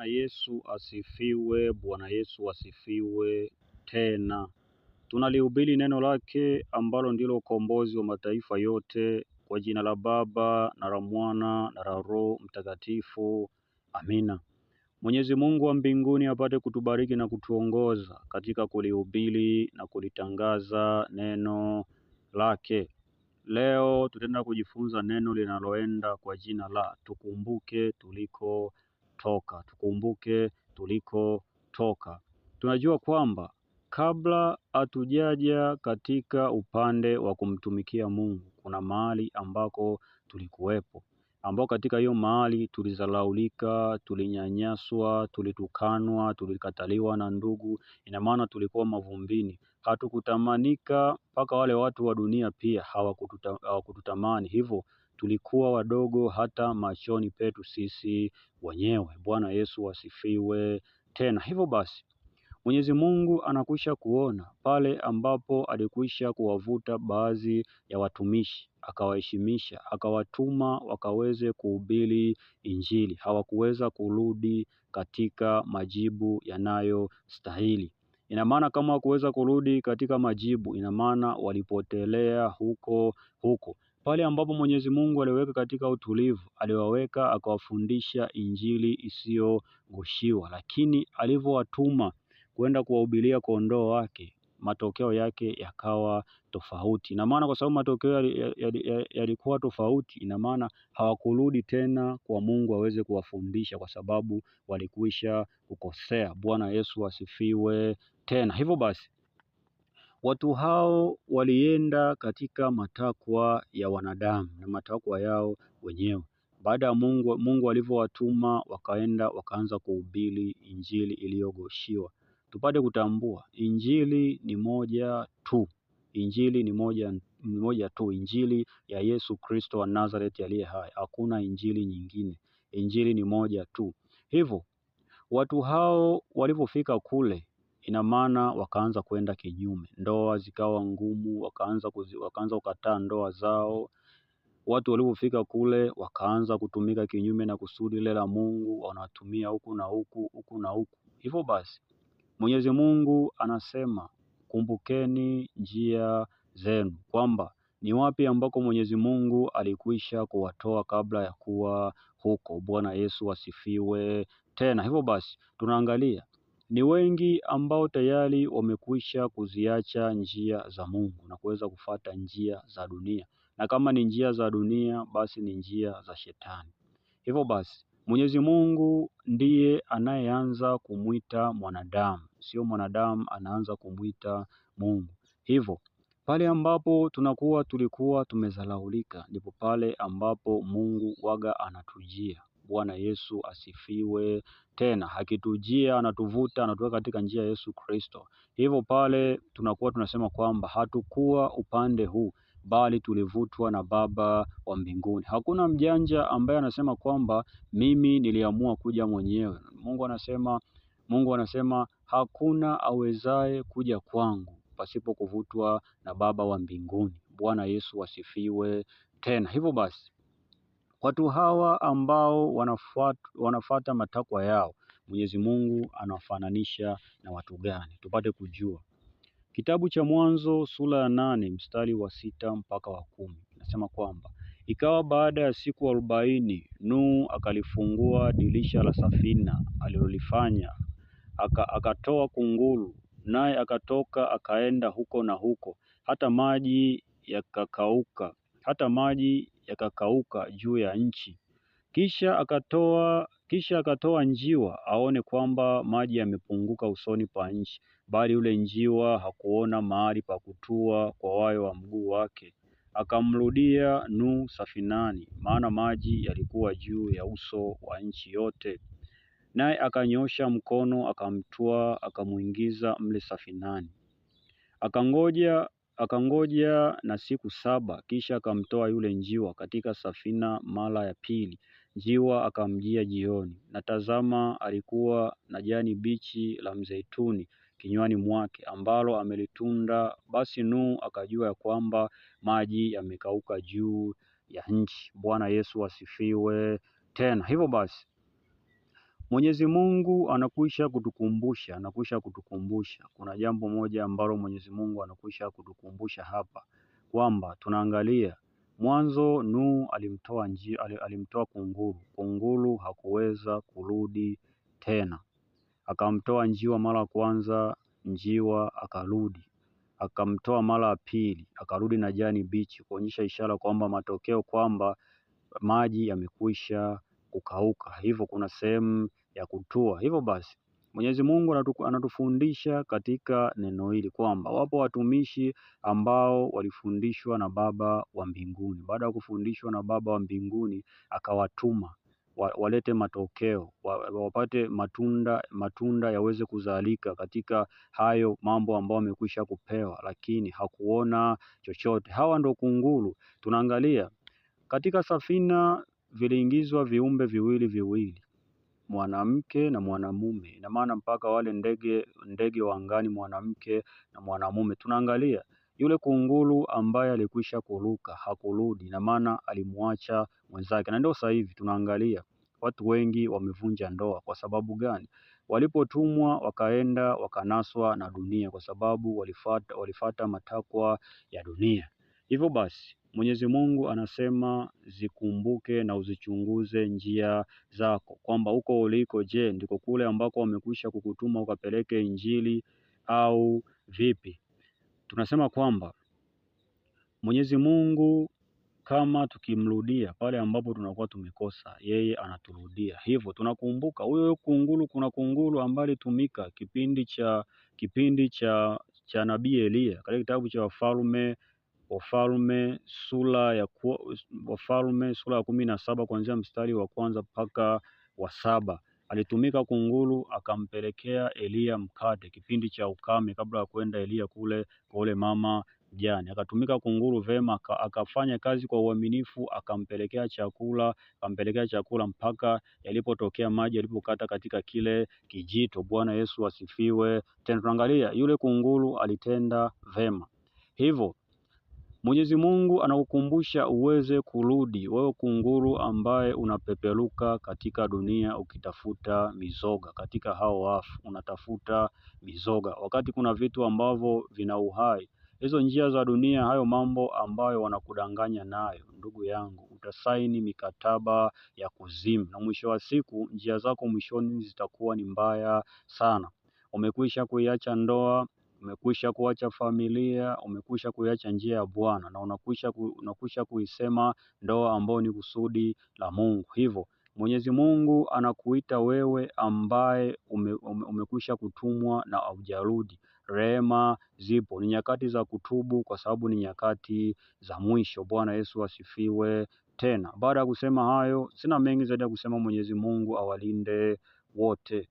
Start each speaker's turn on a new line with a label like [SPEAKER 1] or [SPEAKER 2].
[SPEAKER 1] Bwana Yesu asifiwe, Bwana Yesu asifiwe tena. Tunalihubiri neno lake ambalo ndilo ukombozi wa mataifa yote, kwa jina la Baba na la Mwana na la Roho Mtakatifu, amina. Mwenyezi Mungu wa mbinguni apate kutubariki na kutuongoza katika kulihubiri na kulitangaza neno lake. Leo tutaenda kujifunza neno linaloenda kwa jina la tukumbuke tuliko tunakotoka, tukumbuke tulikotoka. Tunajua kwamba kabla hatujaja katika upande wa kumtumikia Mungu, kuna mahali ambako tulikuwepo, ambao katika hiyo mahali tulizalaulika, tulinyanyaswa, tulitukanwa, tulikataliwa na ndugu. Ina maana tulikuwa mavumbini, hatukutamanika, mpaka wale watu wa dunia pia hawakututamani hivyo tulikuwa wadogo hata machoni petu sisi wenyewe. Bwana Yesu asifiwe tena. Hivyo basi Mwenyezi Mungu anakwisha kuona pale ambapo alikwisha kuwavuta baadhi ya watumishi akawaheshimisha, akawatuma wakaweze kuhubiri Injili. Hawakuweza kurudi katika majibu yanayostahili. Ina maana kama hawakuweza kurudi katika majibu, ina maana walipotelea huko huko pale ambapo Mwenyezi Mungu aliweka katika utulivu, aliwaweka akawafundisha injili isiyogoshiwa lakini alivyowatuma kwenda kuwahubiria kondoo wake, matokeo yake yakawa tofauti. Ina maana kwa sababu matokeo yalikuwa tofauti, ina maana hawakurudi tena kwa Mungu aweze kuwafundisha, kwa sababu walikwisha kukosea. Bwana Yesu asifiwe tena. Hivyo basi Watu hao walienda katika matakwa ya wanadamu na matakwa yao wenyewe. Baada ya Mungu, Mungu alivyowatuma wakaenda wakaanza kuhubiri injili iliyogoshiwa. Tupate kutambua injili ni moja tu, injili ni moja, ni moja tu, injili ya Yesu Kristo wa Nazareth aliye hai. Hakuna injili nyingine, injili ni moja tu. Hivyo watu hao walivyofika kule Ina maana wakaanza kwenda kinyume, ndoa zikawa ngumu, wakaanza kuzi, wakaanza kukataa ndoa zao. Watu walipofika kule wakaanza kutumika kinyume na kusudi lile la Mungu, wanatumia huku na huku, huku na huku. Hivyo basi Mwenyezi Mungu anasema kumbukeni njia zenu, kwamba ni wapi ambako Mwenyezi Mungu alikwisha kuwatoa kabla ya kuwa huko. Bwana Yesu asifiwe tena. Hivyo basi tunaangalia ni wengi ambao tayari wamekwisha kuziacha njia za Mungu na kuweza kufata njia za dunia, na kama ni njia za dunia, basi ni njia za Shetani. Hivyo basi Mwenyezi Mungu ndiye anayeanza kumwita mwanadamu, sio mwanadamu anaanza kumwita Mungu. Hivyo pale ambapo tunakuwa tulikuwa tumezalaulika, ndipo pale ambapo Mungu waga anatujia Bwana Yesu asifiwe. Tena akitujia anatuvuta, anatuweka katika njia ya Yesu Kristo. Hivyo pale tunakuwa tunasema kwamba hatukuwa upande huu bali tulivutwa na Baba wa mbinguni. Hakuna mjanja ambaye anasema kwamba mimi niliamua kuja mwenyewe. Mungu anasema, Mungu anasema hakuna awezaye kuja kwangu pasipo kuvutwa na Baba wa mbinguni. Bwana Yesu asifiwe. Tena hivyo basi Watu hawa ambao wanafuata matakwa yao, Mwenyezi Mungu anawafananisha na watu gani? Tupate kujua. Kitabu cha Mwanzo sura ya nane mstari wa sita mpaka wa kumi nasema kwamba ikawa baada ya siku arobaini Nuhu akalifungua dirisha la safina alilolifanya, aka, akatoa kunguru, naye akatoka akaenda huko na huko, hata maji yakakauka, hata maji yakakauka juu ya nchi. Kisha akatoa kisha akatoa njiwa aone kwamba maji yamepunguka usoni pa nchi, bali yule njiwa hakuona mahali pa kutua kwa wayo wa mguu wake. Akamrudia Nuhu safinani, maana maji yalikuwa juu ya uso wa nchi yote. Naye akanyosha mkono akamtwaa, akamwingiza mle safinani. Akangoja Akangoja na siku saba, kisha akamtoa yule njiwa katika safina mara ya pili. Njiwa akamjia jioni, na tazama, alikuwa na jani bichi la mzeituni kinywani mwake, ambalo amelitunda. Basi Nuhu akajua ya kwamba maji yamekauka juu ya nchi. Bwana Yesu asifiwe tena. Hivyo basi Mwenyezi Mungu anakwisha kutukumbusha, anakwisha kutukumbusha. Kuna jambo moja ambalo Mwenyezi Mungu anakwisha kutukumbusha hapa kwamba tunaangalia mwanzo, Nuhu alimtoa nji, alimtoa kunguru. Kunguru hakuweza kurudi tena, akamtoa njiwa mara kwanza, njiwa akarudi, akamtoa mara ya pili, akarudi na jani bichi, kuonyesha ishara kwamba matokeo kwamba maji yamekwisha kukauka. Hivyo kuna sehemu ya kutoa Hivyo basi Mwenyezi Mungu anatufundisha katika neno hili kwamba wapo watumishi ambao walifundishwa na Baba wa mbinguni. Baada ya kufundishwa na Baba wa mbinguni, akawatuma walete matokeo, wapate matunda, matunda yaweze kuzalika katika hayo mambo ambayo wamekwisha kupewa, lakini hakuona chochote. Hawa ndo kunguru. Tunaangalia katika safina viliingizwa viumbe viwili viwili mwanamke na mwanamume. Ina maana mpaka wale ndege ndege wa angani mwanamke na mwanamume. Tunaangalia yule kunguru ambaye alikwisha kuruka hakurudi, ina maana alimwacha mwenzake, na ndio sasa hivi tunaangalia watu wengi wamevunja ndoa. Kwa sababu gani? Walipotumwa wakaenda wakanaswa na dunia, kwa sababu walifata, walifata matakwa ya dunia. Hivyo basi Mwenyezi Mungu anasema zikumbuke na uzichunguze njia zako, kwamba huko uliko, je, ndiko kule ambako wamekwisha kukutuma ukapeleke Injili au vipi? Tunasema kwamba Mwenyezi Mungu kama tukimrudia pale ambapo tunakuwa tumekosa, yeye anaturudia. Hivyo tunakumbuka huyo kunguru, kuna kunguru ambaye alitumika kipindi cha kipindi cha cha nabii Eliya katika kitabu cha Wafalme Wafalme sura ya Wafalme sura ya kumi na saba kuanzia mstari wa kwanza mpaka wa saba. Alitumika kunguru akampelekea Eliya mkate kipindi cha ukame, kabla ya kwenda Eliya kule kwa ule mama jani. Akatumika kunguru vema, akafanya kazi kwa uaminifu, akampelekea chakula, akampelekea chakula mpaka yalipotokea maji yalipokata katika kile kijito. Bwana Yesu asifiwe. Tena tunaangalia yule kunguru alitenda vema, hivyo Mwenyezi Mungu anakukumbusha uweze kurudi wewe kunguru ambaye unapeperuka katika dunia ukitafuta mizoga katika hao wafu, unatafuta mizoga wakati kuna vitu ambavyo vina uhai. Hizo njia za dunia, hayo mambo ambayo wanakudanganya nayo, ndugu yangu, utasaini mikataba ya kuzimu, na mwisho wa siku njia zako mwishoni zitakuwa ni mbaya sana. Umekwisha kuiacha ndoa umekwisha kuacha familia, umekwisha kuiacha njia ya Bwana na unakwisha, ku, unakwisha kuisema ndoa ambayo ni kusudi la Mungu. Hivyo Mwenyezi Mungu anakuita wewe ambaye ume, ume, umekwisha kutumwa na haujarudi. Rehema zipo, ni nyakati za kutubu kwa sababu ni nyakati za mwisho. Bwana Yesu asifiwe. Tena baada ya kusema hayo, sina mengi zaidi ya kusema. Mwenyezi Mungu awalinde wote.